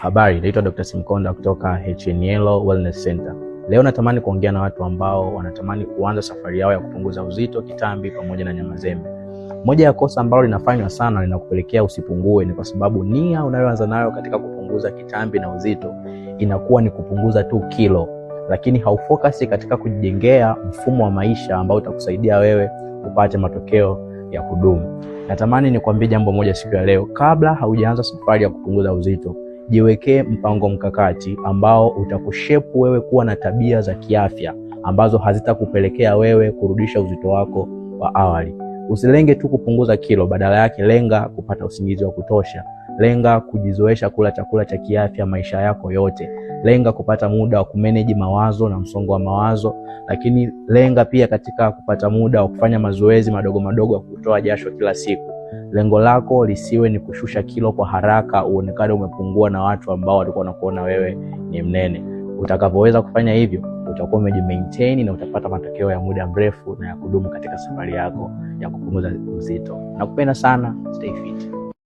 Habari, naitwa Dr. Simkonda kutoka HNL Wellness Center. Leo natamani kuongea na watu ambao wanatamani kuanza safari yao ya kupunguza uzito, kitambi pamoja na nyama zembe. Moja ya kosa ambalo linafanywa sana linakupelekea usipungue ni kwa sababu nia unayoanza nayo katika kupunguza kitambi na uzito inakuwa ni kupunguza tu kilo, lakini haufokasi katika kujijengea mfumo wa maisha ambao utakusaidia wewe upate matokeo ya kudumu. Natamani nikwambie jambo moja siku ya leo, kabla haujaanza safari ya kupunguza uzito jiwekee mpango mkakati ambao utakushepu wewe kuwa na tabia za kiafya ambazo hazitakupelekea wewe kurudisha uzito wako wa awali. Usilenge tu kupunguza kilo, badala yake lenga kupata usingizi wa kutosha, lenga kujizoesha kula chakula cha kiafya maisha yako yote, lenga kupata muda wa kumeneji mawazo na msongo wa mawazo, lakini lenga pia katika kupata muda wa kufanya mazoezi madogo madogo ya kutoa jasho kila siku lengo lako lisiwe ni kushusha kilo kwa haraka, uonekane umepungua na watu ambao walikuwa wanakuona wewe ni mnene. Utakapoweza kufanya hivyo, utakuwa umejimaintain na utapata matokeo ya muda mrefu na ya kudumu katika safari yako ya kupunguza uzito. Nakupenda sana, stay fit.